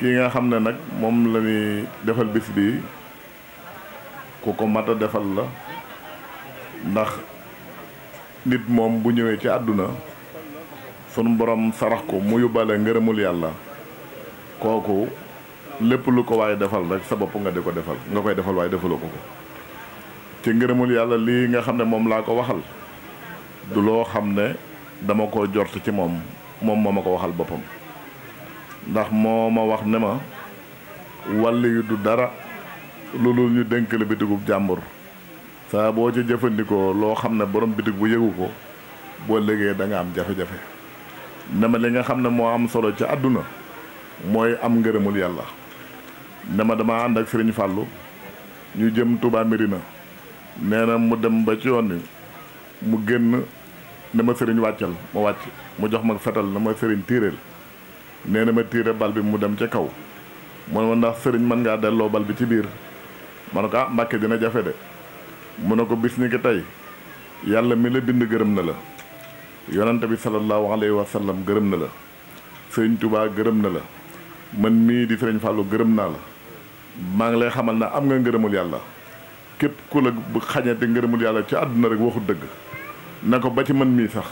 ki nga xam ne nag moom la ñuy defal bis bi ku ko mat a defal la ndax nit moom bu ñëwee ci àdduna sunu borom sarax ko mu yóbbaale ngërëmul yàlla kooku lépp lu ko waaye defal rek sa bopp nga di ko defal nga koy defal waaye defaloo ko ko ci ngërëmul yàlla lii nga xam ne moom laa ko waxal du loo xam ne dama ko jort ci moom moom moom ma ko waxal boppam ndax moo ma wax ne ma wàll du dara loolu ñu dénk la bitigub jàmbur saa boo ci jëfandikoo loo xam ne borom bitig bu yëgu ko boo légee danga am jafe-jafe ne li nga xam ne moo am solo ca àdduna mooy am ngërëmul yàlla ne ma dama ànd ak Sëriñ Fàllu ñu jëm Touba na nee na mu dem ba ci yoon mu génn ne ma sëriñ wàccal ma wàcc mu jox ma fetal ne ma sëriñ tiireel nee na ma tiire bal bi mu dem ca kaw mu ne ma ndax sëriñ man ngaa delloo bal bi ci biir ma na ko ah mbàkke dina jafe de mu ne ko bis ni ki tey yàlla mi la bind gërëm na la yonante bi sallallahu alayhi wa sallam gërëm na la sëriñ tubaa gërëm na la man mii di sëriñ fàllu gërëm naa la maa ngi lay xamal na am nga ngërëmul yàlla képp ku la bu xañate ngërëmul yàlla ci àdduna rek waxut dëgg na ko ba ci man mii sax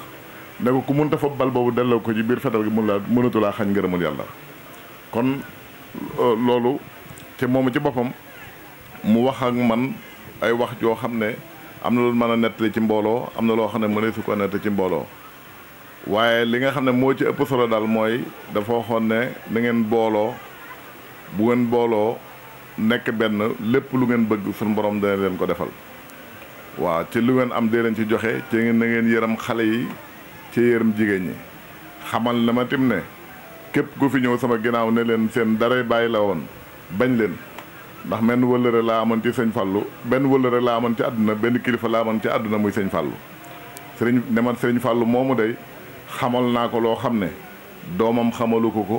ne ko ku mënta fa bal boobu delloo ko ci biir fetal gi mun laa mënatu laa xañ ngërëmul yàlla kon euh, loolu te moomu ci boppam mu wax ak man ay wax joo xam ne am na lu mën a nettali ci mbooloo am na loo xam ne mënee su ko nettali ci mbooloo waaye li nga xam ne moo ci ëpp solo daal mooy dafa waxoon ne na booloo bu ngeen booloo nekk benn lépp lu ngeen bëgg suñu borom dana leen ko defal waaw ci lu ngeen am dee leen ci joxe ci ngeen na ngeen yëram xale yi ci yërëm jigéen ñi xamal na ma tim ne képp ku fi ñëw sama ginnaaw ne leen seen dara bàyyi la woon bañ leen ndax benn wëllëre laa amoon ci sëñ fallu benn wëllëre laa amoon ci àdduna benn kilifa laa amoon ci àdduna muy sëñ Fallou sëriñ ne man sëriñ Fallou moomu day xamal naa ko loo xam ne doomam xamalu ko ko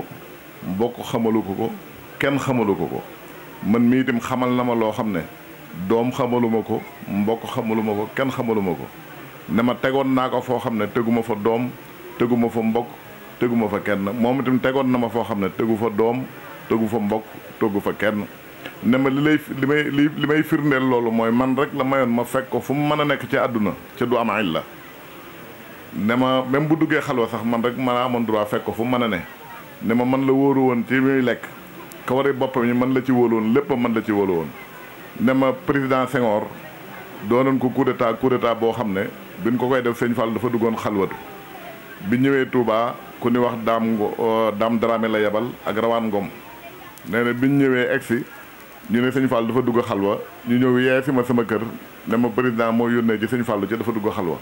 mbokk xamalu ko ko kenn xamalu ko ko man mii itam xamal na ma loo xam ne doom xamaluma ko mbokk xamaluma ko kenn xamaluma ko ne tegoon naa ko foo xam ne teguma fa doom teguma fa mbokk teguma fa kenn moom itam tegoon na ma foo xam ne tegu fa doom tegu fa mbok tegu fa kenn ne ma li lay li may li may firndeel loolu mooy man rek la mayoon ma fekk ko fu mu mën a nekk ci àdduna ca du am añ la ne ma même bu duggee xalwa sax man rek ma amoon droit fekk ko fu mu mën a ne ne ma man la wóoru woon ci muy lekk kawari boppam yi man la ci wóolu woon lépp man la ci wóolu woon ne ma président Senghor doonoon ko coup d'état boo xam ne biñ ko koy def sëñ Fall dafa duggoon xalwatu bi ñëwee Touba ku ni wax daam euh, daam Dramé la yebal ak rawaan Ngom nee bi biñ ñëwee egsi ñu ne sëñ Fall dafa dugg xalwa ñu ñëw yee si ma sama kër ne ma président moo yónnee ci sëñ Fallu ci dafa dugg xalwa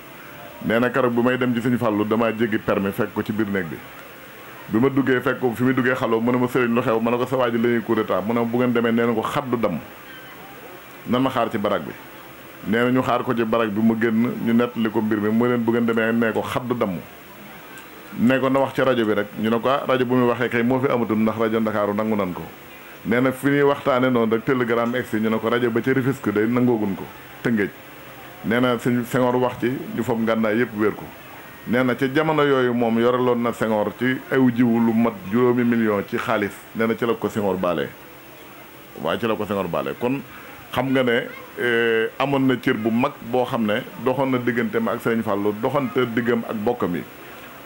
nee na keroog bu may dem ci sëñ Fallu damaa jéggi permis fekk ko ci biir néeg bi bi ma duggee fekk ko fi muy duggee xalwa mu ne ma sëriñ lu xew ma ne ko sa waa ji la ñuy coup d'état mu ne bu ngeen demee nee na ko xaddu dam nan ma xaar ci barak bi nee na ñu xaar ko ci barak bi mu génn ñu nettali ko mbir mi mu leen bu ngeen demee nee ko xadd damm nee ko na wax ci rajo bi rek ñu ne ko ah rajo bu muy waxee kay moo fi amatul ndax rajo ndakaaru nangu nan ko nee na fi ñuy waxtaane noonu rek télégramme egsi ñu ne ko rajo ba ca Rufisque day nangoogun ko tëngéej nee na sëñ Senghor wax ci ñu fob ngànnaay yëpp wéer ko nee na ca jamono yooyu moom loon na Senghor ci aw jiwu lu mat juróomi million ci xaalis nee na ci la ko Senghor baalee waaye ci ko Senghor baalee kon xam nga ne euh, amoon na cër bu mag boo xam ne doxoon na digganteem ak Serigne Fallou doxante diggam ak bokkam yi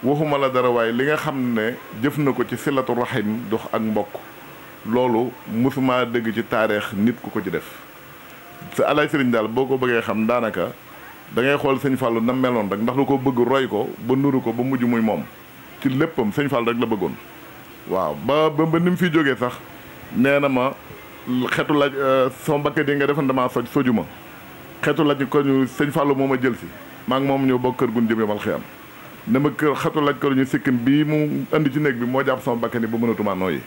waxuma la dara waaye li nga xam ne jëf na ko ci silatu rahim dox ak mbokk loolu mosuma dégg ci taarix nit ku ko ci def sa alay Serigne daal boo ko bëggee xam daanaka da ngay xool Serigne Fallou na meloon rek ndax lu ko bëgg roy ko ba nuru ko ba mujj muy moom ci léppam sëñ Fallou rek la bëggoon waaw ba ba ni fi jógee sax nee na ma. xetu laaj sama mbakkat yi nga defan damaa soj ma xetu laaj ko sëñ Fallou moo ma jël si maa ngi moom ñëw bokk kër gun jëm yomal xiyam ne ma kër xetu laaj ko ñu sikkim bii mu andi ci néeg bi moo jàpp sama mbakkat yi ba mënatuma nooyi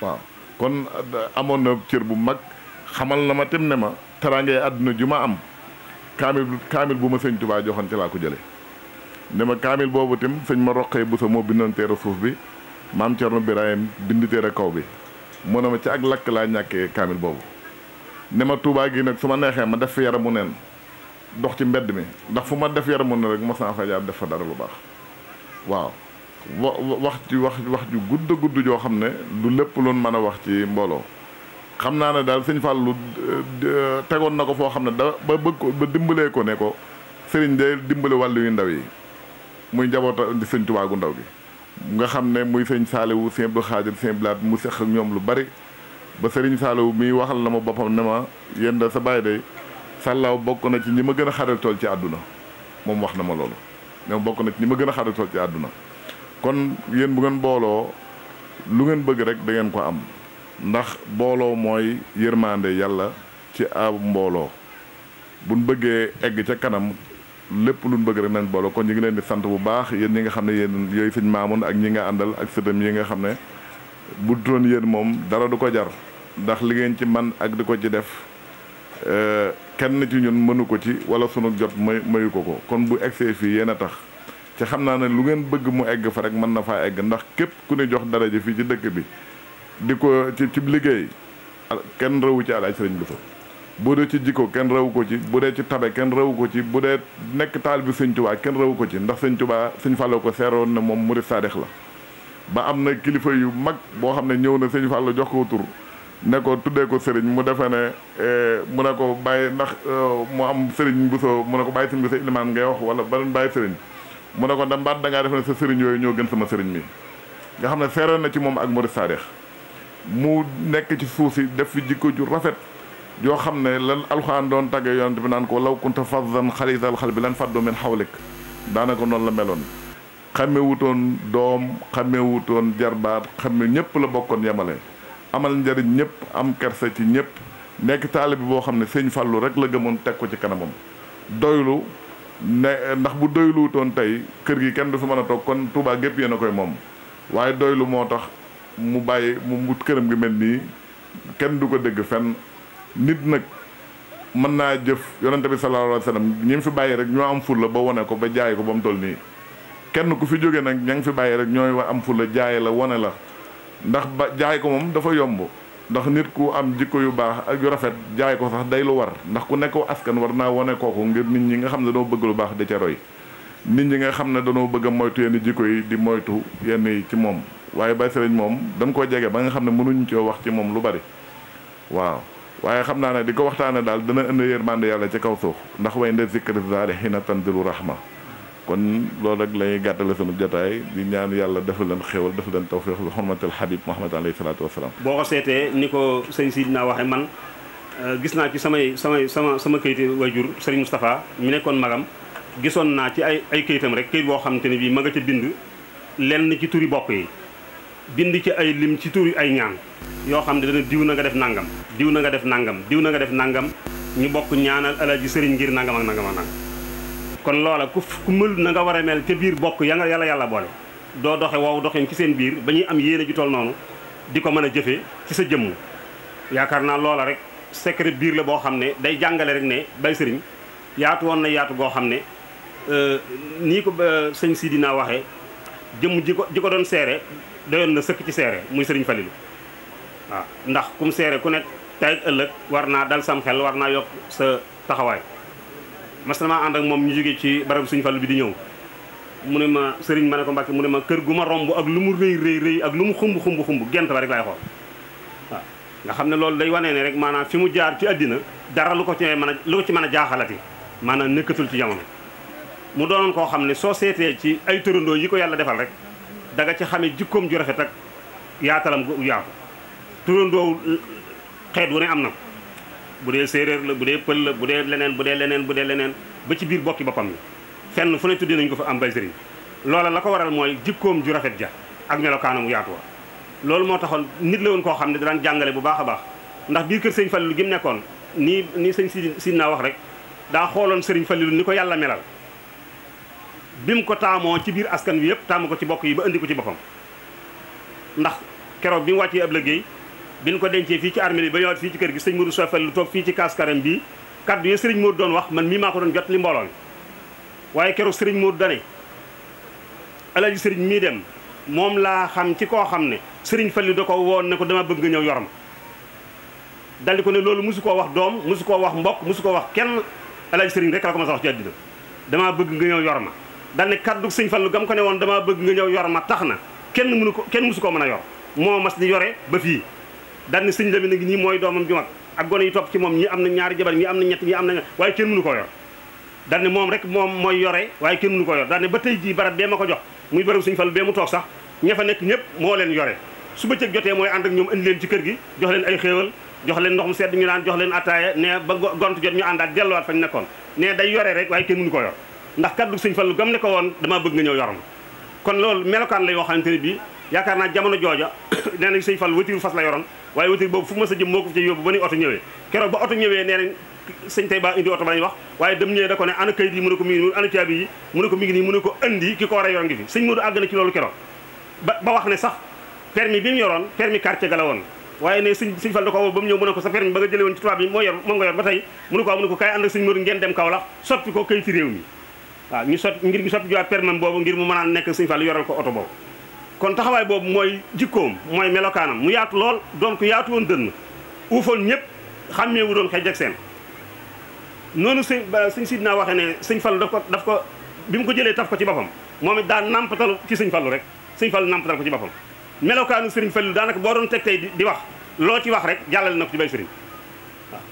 waaw kon euh, amoon na cër bu mag xamal na ma tem ne ma teraangay àdduna ju ma am kaamil kaamil bu ma sëñ Tuubaa joxoon ci laa ko jële ne ma kaamil boobu tam sëñ ma roqee bu sa moo bindoon teere suuf bi maam Cerno Birahim bind teere kaw bi mu ne ci ak lakk laa ñàkkee kaamil boobu ne ma tuubaa gii nag su ma neexee ma def fi yaramu neen dox ci mbedd mi ndax fu ma def yaramu neen rek mos naa fa jaar def fa dara lu baax waaw wa wax ci wax wax ju gudd gudd joo xam ne lu lépp loon mën a wax ci mbooloo xam naa ne daal sëñ Fallou tegoon na ko foo xam ne da ba bëgg ko ba dimbalee ko ne ko sëriñ de dimbali wàllu yu ndaw yi muy njaboot di sëñ Touba ndaw gi nga xam ne muy sëñ Saaliwu sëñ Abdou Xaadir sëñ Blaat mu seq ak ñoom lu bari ba sëriñ Saaliwu mii waxal na ma boppam ne ma yéen da sa bàyyi day sàllaaw bokk na ci ñi ma gën a xaral ci àdduna moom wax na ma loolu ne ma bokk na ci ñi ma gën a xaral tool ci àdduna kon yéen bu ngeen booloo lu ngeen bëgg rek da ngeen ko am ndax booloo mooy yërmande yàlla ci ab mbooloo buñ bëggee egg ca kanam lépp luñ bëgg rek nañ boole kon ñu ngi leen di sant bu baax yéen ñi nga xam ne yéen yooyu sëñ Maamun ak ñi nga àndal ak sëtam yi nga xam ne bu doon yéen moom dara du ko jar ndax li ngeen ci man ak di ko ci def euh, kenn ci ñun mënu ko ci wala sunu jot may mayu ko ko kon bu egsee fii yéen a tax ci xam naa ne lu ngeen bëgg mu egg fa rek mën na faa egg ndax képp ku ne jox dara ji fii ci dëkk bi di ko ci ci liggéey kenn rëwu ci alaaj sëriñ bi bu dee ci jikko kenn rawu ko ci bu dee ci tabe kenn rawu ko ci bu dee nekk taal bi sëñ Tuubaa kenn rawu ko ci ndax sëñ Tuubaa sëñ Fallou ko seeroon na moom murid saadix la ba am na kilifa yu mag boo xam ne ñëw na sëñ Fallou jox ko tur ne ko tuddee ko sëriñ mu defe ne e, mu ne ko bàyyi ndax e, mu am sëriñ bu soo mu ne ko bàyyi sëriñ sa ilimaan ngay wax wala badoon bàyyi sëriñ mu ne ko da mbaat da ngaa defe ne sa sëriñ yooyu ñoo gën sama sëriñ mi nga xam ne seeroon na ci moom ak murid saadix mu nekk ci suuf si def fi jikko ju rafet yoo xam ne lan alxuraan doon tàggee yonent bi naan ko law kunta faddan xalisal xal bi lan faddu min xawlik daanaka noonu la meloon xamewutoon doom xamewutoon jarbaat xame ñëpp la bokkoon yemale amal njariñ ñëpp am kerse ci ñëpp nekk taalibe boo xam ne sëñ Fallu rek la gëmoon teg ko ci kanamam doylu ne ndax bu doyluwutoon tey kër gi kenn du fi mën a toog kon Tuubaa gépp yéen a koy moom waaye doylu moo tax mu bàyyi mu mut këram gi mel nii kenn du ko dégg fenn nit nag mën naa jëf yonente bi sallallahu alayhi wa ñi fi bàyyi rek ñoo am fulla ba wane ko ba jaay ko ba mu toll nii kenn ku fi jóge nag ña ngi fi bàyyi rek ñooy am fulla jaay la wone la ndax ba jaay ko moom dafa yomb ndax nit ku am jikko yu baax ak yu rafet jaay ko sax day lu war ndax ku nekk askan war naa wane kooku ngir nit ñi nga xam ne dañoo bëgg lu baax di ca roy nit ñi nga xam ne dañoo bëgg a moytu yenn jikko yi di moytu yenn ci moom waaye bay sëriñ moom dañ koo jege ba nga xam ne mënuñ coo wax ci moom lu bari waaw waaye xam naa ne di ko waxtaane daal dana indi yërmande yàlla ci kaw suuf ndax way nde zikri saalihiina tanzilu rahma kon loolu rek la ñuy gàttale sunu jotaay di ñaan yàlla dafa leen xéwal dafa leen tawfiix bi xurmatal xabib Muhammad alayhi salaatu wasalaam boo ko seetee ni ko sëñ si dinaa waxe man euh, gis naa ci samay samay sama sama kayiti wajur sëriñ Moustapha mu nekkoon magam gisoon naa ci ay ay kayitam rek kayit boo xam te ne bii ma nga ca bind lenn ci turi bopp yi bind ci ay lim ci tur ay ñaan yoo xam ne dana diw na nga def nangam diw na nga def nangam diw na nga def nangam ñu bokk ñaanal alaaji sëriñ ngir nangam ak nangam ak nangam kon loola ku ku mël na nga war a mel ca biir bokk ya nga yàlla yàlla boole doo doxe wow doxin ci seen biir ba ñuy am yéene ju toll noonu di ko mën a jëfee ci sa jëmm yaakaar naa loola rek secret biir la boo xam ne day jàngale rek ne bay sëriñ yaatu woon na yaatu goo xam ne euh, nii ko euh, sëñ Sidina waxee jëmm ji ko ji ko doon seere doyoon na sëkk ci seere muy sëriñ Falilu waaw ndax kum seere ku nekk tey ëllëg war naa dal sam xel war naa yokk sa taxawaay mas na ànd ak moom ñu jógee ci barab suñu Falilu bi di ñëw mu ne ma sëriñ ma ne ko Mbàkke mu ne ma kër gu ma romb ak lu mu rëy rëy rëy ak lu mu xumb xumb xumb gent ba rek laay xool nga xam ne loolu day wanee ne rek maanaam fi mu jaar ci àddina dara lu ko ci mën a lu ci mën a jaaxalati maanaam nekkatul ci jamono mu doonoon koo xam ne soo seetee ci ay tërandoo yi ko yàlla defal rek da nga ci xamee jikkoom ju rafet ak yaatalam gu yaatu turandoo xeet wu ne am na bu dee séeréer la bu dee pël la bu dee leneen bu dee leneen bu dee leneen ba ci biir bokki boppam yi fenn fu ne tuddee nañu ko fa am bay sëriñ loola la ko waral mooy jikkoom ju rafet ja ak melokaanam yaatu wa loolu moo taxoon nit la woon koo xam ne daan jàngale bu baax a baax ndax biir kër sëñ Fallu gi mu nekkoon nii nii sëñ si sin naa wax rek daa xooloon sëriñ Fallu ni ko yàlla melal bi mu ko taamoo ci biir askan wi yëpp taamu ko ci bokk yi ba indi ko ci boppam ndax keroog bi mu wàccee ab liggéey bi ñu ko dencee fii ci armée bi ba ñëwaat fii ci kër gi sëñ Modou Sofel lu toog fii ci kaskaram bii kaddu yi sëriñ Modou doon wax man mii maa ko doon jot li mbooloo mi waaye keroog sëriñ Modou dane alaji sëriñ mii dem moom laa xam ci koo xam ne sëriñ Fallu da ko woon ne ko dama bëgg nga ñëw yor ma dal ko ne loolu mosu koo wax doom mosu koo wax mbokk mosu koo wax kenn alaji sëriñ rek ko a wax bëgg nga ñëw yor dal ne kaddu sëñ Fallu gam ko ne woon damaa bëgg nga ñëw yor ma tax na kenn mënu ko kenn mësu koo mën a yor moo mas di yore ba fii dal ne sëñ Lamin nag nii mooy doomam ju mag ak gone yi topp ci moom ñi am na ñaari jabar ñi am na ñett ñi am na waaye kenn mënu koo yor dal moom rek moom mooy yore waaye kenn mënu koo yor dal ne ba tey jii barab bee ma ko jox muy barabu sëñ Fallu bee mu toog sax ña fa nekk ñëpp moo leen yore su bëccëg jotee mooy ànd ak ñoom indi leen ci kër gi jox leen ay xéewal jox leen ndox mu sedd ñu naan jox leen attaaya ne ba gont jot ñu àndaat delluwaat fañ nekkoon ne day yore rek waaye kenn mënu koo ndax kaddu sëñ Fallu gam ne ko woon damaa bëgg nga ñëw yoram kon loolu melokaan la yoo xamante ne bii yaakaar naa jamono jooja nee nañ sëñ Fallu watiru fas la yoroon waaye watiru boobu fu ma sa jëm moo ko ci yóbbu ba nuy oto ñëwee keroog ba oto ñëwee nee nañ sëñ tey ba indi oto ba ñu wax waaye dem ñëwee da ko ne ana kayit yi mu ne ko mu ngi nii mu ne ko indi ki ko war a yor ngi fi sëñ Modou àgg na ci loolu keroog ba ba wax ne sax permis bi mi waa ñu sot ngir ñu sotti jiwaat permanent boobu ngir mu mën a nekk sëñ Fallu yoral ko oto boobu kon taxawaay boobu mooy jikkoom mooy melokaanam mu yaatu lool doon ko yaatu woon dënn uufoon ñëpp xàmmee wu doon xej ak seen noonu sëñ sëñ Sidna waxee ne sëñ Fallu daf ko daf ko bi mu ko jëlee taf ko ci boppam moom it daa nampatal ci sëñ Fallu rek sëñ Fallu nampatal ko ci boppam melokaanu sëriñ Fallu daanaka boo doon teg tey di wax loo ci wax rek jàllale na ko ci bay sëriñ waaw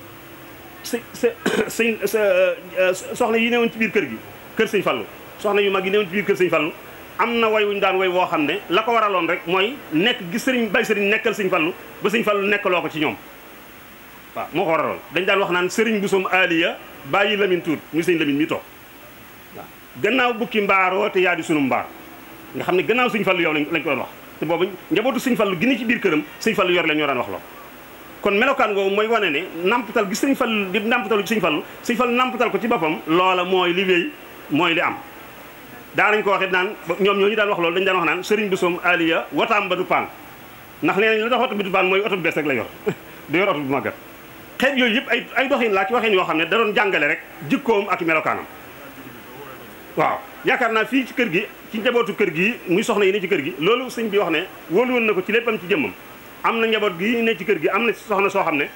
së euh, yi ne woon ci biir kër gi kër sëñ Fallu soxna yu mag yi newoon ci biir kër sëñ Fallu am na way wuñu daan way woo xam ne la ko waraloon rek mooy nekk gis sëriñ bay sëriñ nekkal sëñ Fallu ba sëñ Fallu nekkaloo ko ci ñoom waaw moo ko dañ daan wax naan sëriñ busum aliya bàyyi lamin tuut muy sëñ lamin mi toog waaw gannaaw bukki mbaaroo te yaa di sunu mbaar nga xam ne gannaaw sëñ Fallu yow lañ ko doon wax te boobu njabootu sëñ Fallu gi ci biir këram sëñ Fallu yor leen ñoo daan wax loolu kon melokaan googu mooy wane ne nampatal gi sëñ Fallu di nampatal ci sëñ Fallu sëñ Fallu nampatal ko ci boppam loola mooy liggéey mooy li am daanañ ko waxee naan ñoom ñoo ñu daan wax loolu dañu daan wax naan sëriñ Bisoom Aliya wataam ba du paan ndax nee nañ la tax oto bi du paan mooy oto bu bees la yor du yor màggat xeet yooyu yëpp ay ay doxin laa ci waxeen yoo xam ne da doon jàngale rek jikkoom ak melokaanam waaw yaakaar naa fii ci kër gi ci njabootu kër gi muy soxna yi ne ci kër gi loolu sëñ bi wax ne wóolu woon na ko ci léppam ci jëmmam am na njaboot gi ne ci kër gi am na soxna soo xam ne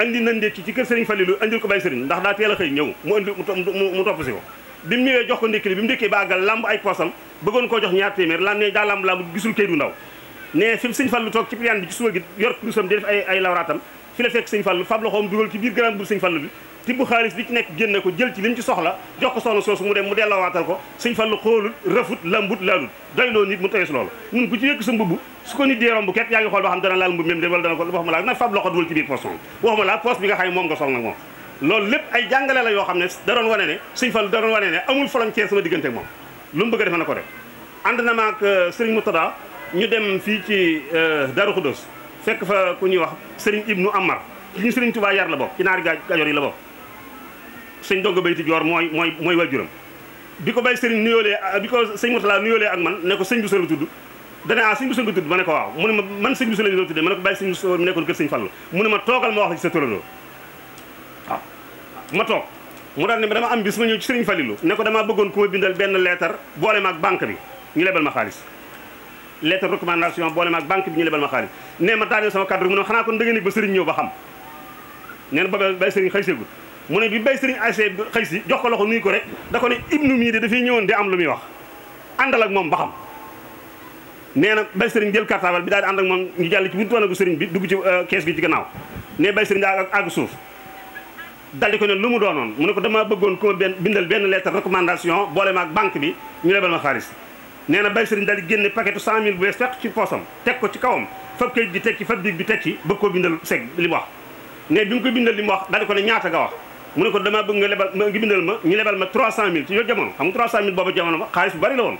andi na ndékki ci kër sëriñ Falilou andil ko bay sëriñ ndax daa a xëy ñëw mu mu topp si ko bi mu ñëwee jox ko ndékki li bi mu ndékkee baagal lamb ay poosam bëggoon koo jox ñaar téeméer lan ne daa lamb lamb gisul këy du ndaw ne fi sëñ di fi la fekk sëñ Fallu fab loxoom dugal jox ko soxna soosu mu dem mu dellawaatal ko sëñ Fallu xoolul rëfut lambut laalut doy loo nit mu tawee loolu ñun ku ci yëkk sa mbubb su ko nit dee romb ket yaa ngi xool ba xam dana laal mbubb même de wala dana ko waxuma laa nag fab loxo dugal ci biir poos moom waxuma laa poos bi nga xam nga soxla nag moom loolu lépp ay jàngale la yoo xam ne da doon wane ne sëñ Fallu da doon wane ne amul frontière sama diggante ak moom lu mu bëgg a def na ko def ànd na ma ak euh, Serigne Moutada ñu dem fii ci euh, Darou Khoudoss fekk fa ku ñuy wax Serigne Ibnu Amar ci ñu Serigne Touba yar la bokk ci naari Kajoor yi la bokk sëñ Donga Bayti mooy mooy mooy waajuram bi ko bay euh, ne ko sëñ bu sori tudd sëñ mu ah, sëñ bu la tuddee ma ne ko bàyyi sëñ bu sori mi nekkoon kër sëñ mu ne ma toogal ma wax la ci sa tëraloo ma toog mu daal ne dama am bis ma ñëw ci Serigne Falilou ne ko dama bëggoon ku ma bindal benn lettre boole ma ak banque bi ñu lebal ma xaalis lettre recommandation boole ma ak banque bi ñu lebal ma xaalis ne ma daaneel sama cadre mu ne xanaa kon da ba Serigne ñëw ba xam mu ne bi bay Serigne ac xëy si jox ko loxo nuyu ko rek da ko ne ibnu mii de dafay ñëwoon di am lu muy wax àndal ak moom ba xam nee na bay Serigne jël cartable bi daal di ànd ak moom ñu jàll ci buntu wanagu Serigne bi dugg euh, kees gi ci gannaaw ne bay suuf dal ko ne lu mu doonoon mu ne ko damaa bëggoon ku ma benn bindal benn lettre recommandation boole ma ak banque bi ñu lebal ma xaalis nee na bay sëriñ dal di génne paquetu 100000 bu bees fekk ci poosam teg ko ci kawam fab kayit bi teg ci fab dig bi teg ci bëgg koo bindal seg li wax ne bi mu ko bindal li wax dal ko ne ñaata nga wax mu ne ko damaa bëgg nga lebal nga bindal ma ñu lebal ma 300000 ci yooyu jamono xam nga 300000 boobu jamono ba woon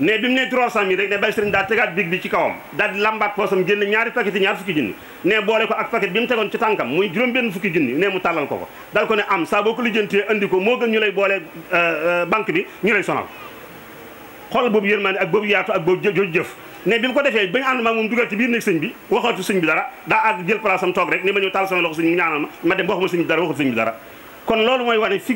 ne bi mu ne 300000 rek ne bàyyi sëriñ daa tegaat big bi ci kawam daal di lambaat poosam génn ñaari paquet ñaar fukki junni ne boole ko ak paquet bi mu tegoon ci tànkam muy juróom-benn fukki junni ne mu tàllal ko ko dal ko ne am saa boo ko lijjantee andi ko moo gën ñu lay boole euh, euh, banque bi ñu lay sonal xool boobu yërmande ak boobu yaatu ak boobu jëf ne bi mu ko defee bañu ànd maag moom dugal ci biir nekk sëñ bi waxatu sëñ bi dara daa àgg jël place mooy wane fi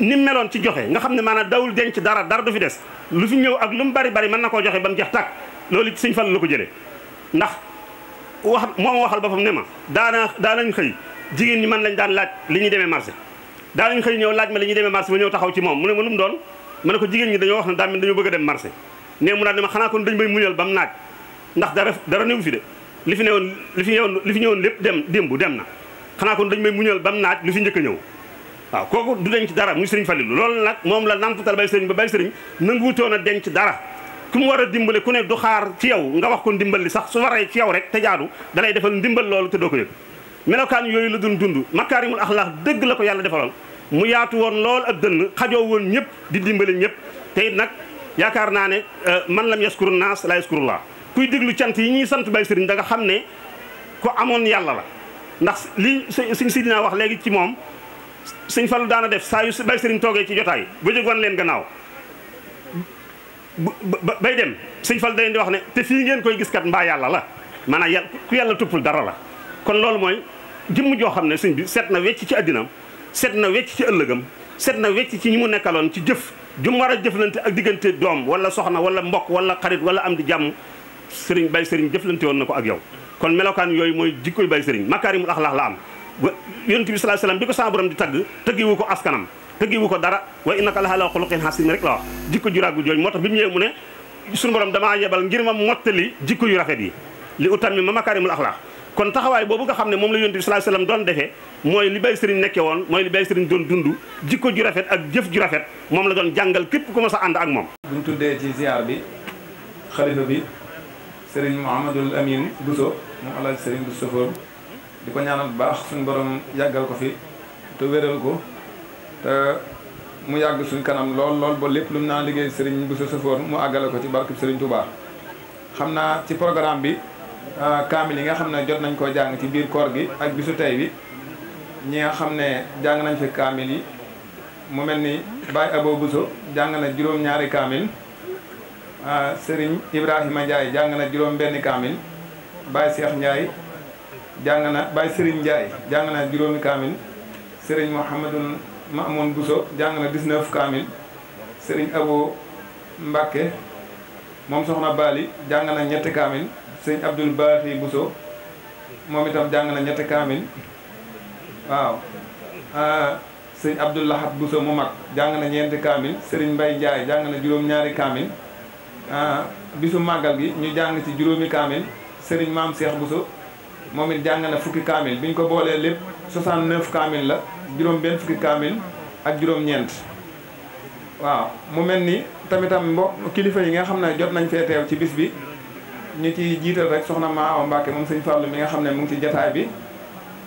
ni meloon ci joxe nga xam ne maanaam dawul denc dara dara du fi des lu fi ñëw ak lu mu bari bari mën na koo joxe ba mu tàkk loolu sëñ Fall la ko jëlee ndax wax moom waxal boppam ne ma daana daanañ xëy jigéen ñi man lañ daan laaj li ñuy demee marché daanañ xëy ñëw laaj ma li ñuy demee marché ma ñëw taxaw ci moom mu ne ma doon ma ko jigéen ñi dañoo wax ne daa mel dañoo dem marché ne mu naan ne ma xanaa kon dañ may muñal ndax dara dara néew fi de li fi newoon li fi ñëwoon li fi ñëwoon lépp dem démb dem na xanaa kon dañ may muñal ba naaj lu fi njëkk a ñëw waaw kooku du denc dara muy sëriñ Falilou loolu nag moom la namputal bay sëriñ ba bay sëriñ nanguwutoon a denc dara ku mu war a dimbale ku ne du xaar ci yow nga wax ko ndimbal li sax su waree ci yow rek te jaadu da lay defal ndimbal loolu te doo ko yëg melokaan yooyu la doon dund makaarimul axlaax dëgg la ko yàlla defaloon mu yaatu woon lool ak dënn xajoo woon ñëpp di dimbale ñëpp te nag yaakaar naa ne euh, man lam yaskuru naas la yaskurullah kuy déglu cant yi ñuy sant bay da nga xam ne ko amoon yàlla la ndax li wax léegi ci moom sëñ Fallu daana def saa yu bay sëriñ toogee ci jotaay bu jóg wan leen gannaaw bay dem sëñ Fallu day di wax ne te fii ngeen koy gis kat mbaa yàlla la maanaam yàlla ku yàlla tuppul dara la kon loolu mooy jëmm joo xam ne sëñ bi seet na wecc ci àddina seet na wecc ci ëllëgam seet na wecc ci ñi mu nekkaloon ci jëf jum war a jëflante ak diggante doom wala soxna wala mbokk wala xarit wala am di jàmm sëriñ bay sëriñ jëflante woon na ko ak yow kon melokaan yooyu mooy jikkoy bay sëriñ makaarimul axlaax la am yonent bi sallallahu alayhi wasallam bi ko saa borom di tagg tëggiwu ko askanam tëggiwu ko dara wa innaka la ala xuluqin hasim rek la wax jikko ju ràggu jooju moo tax bi mu ñëwee mu ne suñu borom damaa yebal ngir ma mottali jikko yu rafet yi li utam mi ma makaarimul axlaax kon taxawaay boobu nga xam ne moom la yonent bi sallallahu alayhi wasallam doon defee mooy li bay sëriñ nekke woon mooy li bay sëriñ doon dund jikko ju rafet ak jëf ju rafet moom la doon jàngal képp ku ma sa ànd ak moom bu ñu tuddee ci ziar bi xalifa bi sëriñ Mouhamadul Amin Bousso moom alaaji sëriñ di ko ñaanal bu baax suñu borom yàggal ko fi te wéral ko te mu yàgg suñ kanam lool lool ba lépp lu mu naan liggéey sëriñ bu sa sëfoon mu àggale ko ci barkeb sëriñ Touba. xam naa ci programme bi euh, kaamil yi nga xam ne jot nañ koo jàng ci biir koor gi ak bisu tey bi ñi nga xam ne jàng nañ fi kaamil yi mu mel ni Baye Abo Bousso jàng na juróom-ñaari kaamil euh, Serigne Ibrahima Ndiaye jàng na juróom benn kaamil Baye Cheikh Ndiaye jàng na Baye Serigne Ndiaye jàng na juróomi kaamil sëriñ Mouhamadou Mamoun Bousso jàng na 19 kaamil Serigne Abo Mbacke moom soxna Bali jàng na ñetti kaamil Serigne Abdoul Baaxi Bousso moom itam jàng na ñetti kaamil waaw ah, Serigne Abdoul Lahad Bousso mu mag jàng na ñeenti kaamil sëriñ Mbaye Ndiaye jàng na juróom-ñaari kaamil ah, bisu màggal gi ñu jàng ci juróomi kaamil Serigne Maam Cheikh Bousso moom it jàng na fukki kaamil bi ñu ko boolee lépp 69 kaamil la juróom benn fukki kaamil ak juróom-ñeent waaw mu mel ni tamitam mbokk kilifa yi nga xam ne jot nañ fee teew ci bis bi ñu ci jiital rek soxna ma Awa Mbacke moom sëñ Fallou mi nga xam ne mu ngi ci jataay bi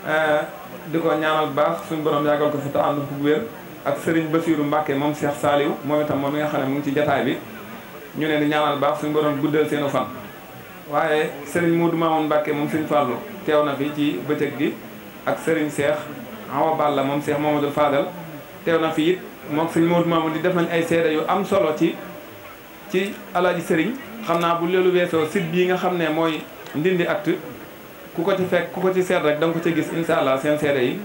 eh, di ko ñaanal baax suñ borom yàggal ko fi te ànd ko wér ak Serigne Bassirou Mbacke moom Cheikh Saliou moom itam moom mi nga xam ne mu ngi ci jataay bi ñu ne di baax suñu borom guddal seenu fan waaye sëriñ Modou Mamoun Mbacke moom sëriñ Fallou teew na fi ci bëccëg gi ak sëriñ Cheikh Awa la moom seex moom Mamadou Fadal teew na fi it moom sëriñ Modou di def ay seede yu am solo ci ci alaaji sëriñ xam naa bu loolu weesoo site bii nga xam ne mooy ndindi acte ku ko ci ku ko ci rek da nga ko ci gis incha allah seen seede yi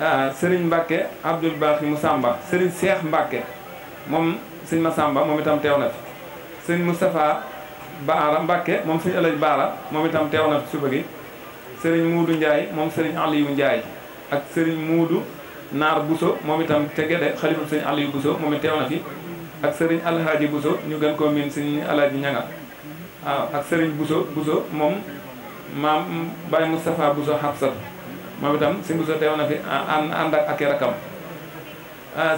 ah sëriñ Mbacke Abdoul Baaxi Musamba sëriñ Cheikh Mbacke moom sëriñ Masamba moom itam teew na fi sëriñ Moustapha. Baara Mbàkke moom suñu ëllëg Baara moom itam teew na suba gi sëriñ Muudu Ndiaye moom sëriñ Aliyu Ndiaye ak sëriñ Muudu Naar Buso moom itam te Gede xalifa sëriñ Aliyu Buso moom it teew na fi ak sëriñ ñu gën koo miin sëriñ Alhaaji Ñanga waaw ak sëriñ Buso Buso moom maam Baye Moustapha Buso Xabsat moom itam sëriñ Buso teew fi ànd ak ak rakam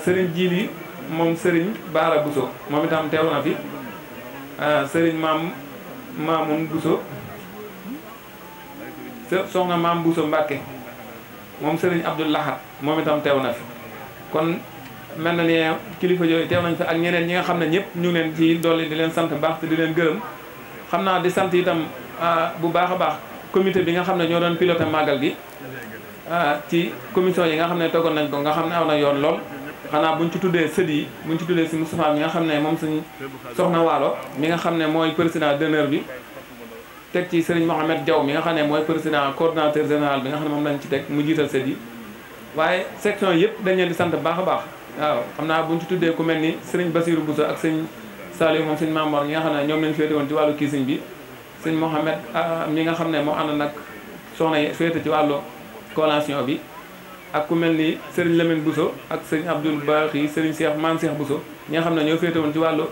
sëriñ Jiili moom sëriñ Baara Buso moom itam teew fi Euh, sëriñ maam maamun Bousso soxna maam Bousso Mbàkke moom sëriñ Abdul Lahat moom itam teew na fi kon mel na ne kilifa yooyu teew nañ fi ak ñeneen ñi nga xam ne ñëpp ñu ngi leen ci dolli di leen sant baax te di leen gërëm xam naa di sant itam euh, bu baax a baax comité bi nga xam ne ñoo doon piloté màggal gi euh, ci commission yi nga xam ne tegoon nañ ko nga xam ne aw na yoon lool xanaa buñ ci tuddee sët yi buñ ci tuddee si Moustapha mi nga xam ne moom suñ soxna waalo mi nga xam ne mooy président d'honneur bi teg ci Serigne Mohamed Diaw mi nga xam ne mooy président coordonnateur général bi nga xam ne moom lañ ci teg mu jiital sët yi waaye section yëpp dañ leen di sant baax a baax waaw xam naa buñ ci tuddee ku mel ni Serigne Basirou Bousso ak sëñ Saliou moom sëñ Mamor mi nga xam ne ñoom lañ féete woon ci wàllu kiisiñ bi sëñ Mohamed ah, mi nga xam ne moo ànd nag soxna yi féete ci wàllu collation bi ak ku mel ni Serigne Lamine Bousso ak sëñ Abdoul Baaxi Serigne Cheikh Maam seex Bousso ñi nga xam ne ñoo féete woon ci wàllu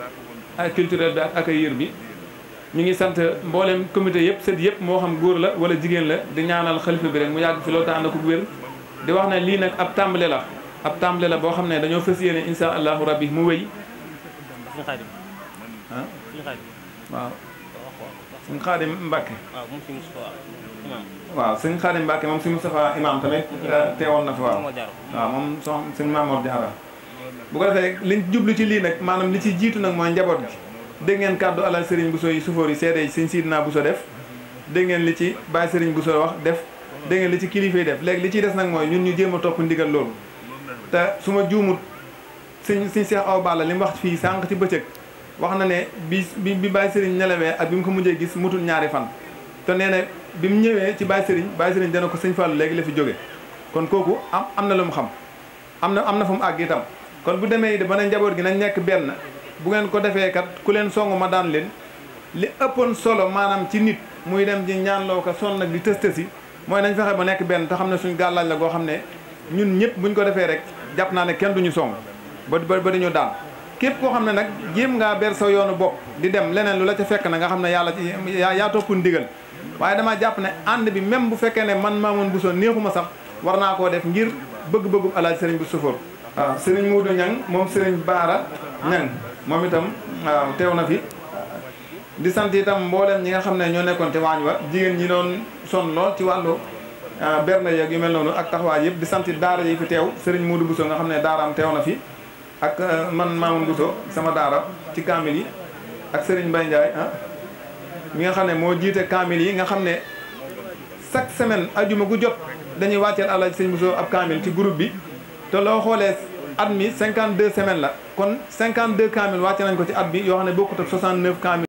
culturel bi ak accueil bi. ñu ngi sant mboolem comité yëpp sët yëpp moo xam góor la wala jigéen la di ñaanal xalifa bi rek mu yàgg fi loolu te ànd ko wér di wax na lii nag ab tàmbale la ab tàmbale la boo xam ne dañoo fas yéene insha allahu rabbi mu wéy ah waaw suñ xaadim waaw sëñ Xaadim Mbàkke moom sëñ Moustapha imaam tamit teewoon na fi waaw waaw moom soxna sëñ Mamoor Jaara bu ko defee li jublu ci lii nag maanaam li ci jiitu nag mooy njaboot gi dégg ngeen kàddu alal sëriñ Bousso yi sufóor yi seede yi naa Sidina Bousso def dégg ngeen li ci Baye sëriñ Bousso wax def dégg ngeen li ci kilifa def léegi li ciy des nag mooy ñun ñu jéem a topp ndigal loolu te su ma juumut sëñ sëñ Cheikh Awa Balla li mu wax fii sànq ci bëccëg wax na ne bi bi sëriñ nelawee ak bi ko mujjee gis mutul ñaari fan bi mu ñëwee ci Baye Serigne Baye Serigne dana ko sëñ Fallou léegi la fi jóge kon kooku am am na lu mu xam am na am na fu mu àgg itam kon bu demee it ba ne njaboot gi nañ nekk benn bu ngeen ko defee kat ku leen songu ma daan leen li ëppoon solo maanaam ci nit muy dem di loo ko sonn nag di tës tësi mooy nañ fexe ba nekk benn te xam ne suñu gàllaaj la goo xam ne ñun ñëpp buñ ko defee rek jàpp naa ne kenn duñu song ba ba dañu daan képp koo xam ne nag jéem ngaa ber sa yoonu bopp di dem leneen lu la ca fekk na nga xam ne yàlla yaa yaa topp ndigal waaye damaa jàpp ne ànd bi même bu fekkee ne man Mamoune Bousso neexuma sax war naa koo def ngir bëgg-bëggum alaaj Serigne bu Sufoor waaw Serigne Moudou moom Serigne Baara Niang moom itam waaw teew na fi di sant itam mboolem ñi nga xam ne ñoo nekkoon ci waañ wa jigéen ñi doon sonn lool ci wàllu ah, berne yeeg yu mel noonu ak taxawaay yëpp di sant daara yi fi teew Serigne Moudou Bousso nga xam ne daaraam teew na fi ak ah, man Mamoune Bousso sama daara ci kaamil yi ak sëriñ Mbaye Ndiaye ah. mi nga xam ne moo jiite kaamil yi nga xam ne chaque semaine ajuma gu jot dañuy wàcceel àlla sëñ Bousso ab kaamil ci groupe bi te loo xoolee at mi 52 semaines la kon 52 kaamil wàcce nañ ko ci at bi yoo xam ne bokkut ak 69 kaamil